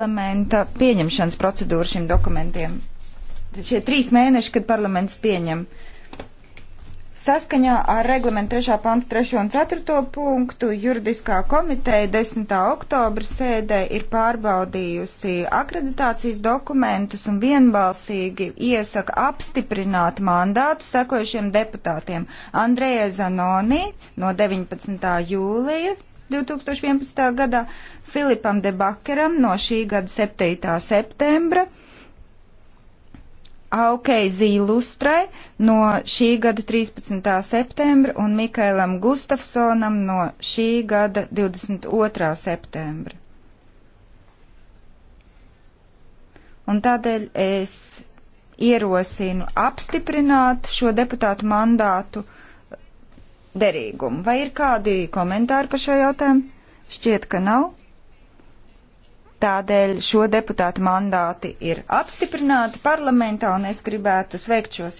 parlamenta pieņemšanas procedūra šiem dokumentiem. Šie trīs mēneši, kad parlaments pieņem. Saskaņā ar reglamentu 3. pantu 3. un 4. punktu juridiskā komiteja 10. oktobra sēdē ir pārbaudījusi akreditācijas dokumentus un vienbalsīgi iesaka apstiprināt mandātu sekojušiem deputātiem Andrejai Zanoni no 19. jūlija 2011. gadā, Filipam de Bakeram no šī gada 7. septembra, Aukei Zīlustrai no šī gada 13. septembra un Mikailam Gustafsonam no šī gada 22. septembra. Un tādēļ es ierosinu apstiprināt šo deputātu mandātu derīgumu. Vai ir kādi komentāri par šo jautājumu? Šķiet, ka nav. Tādēļ šo deputātu mandāti ir apstiprināti parlamentā, un es gribētu sveikt šos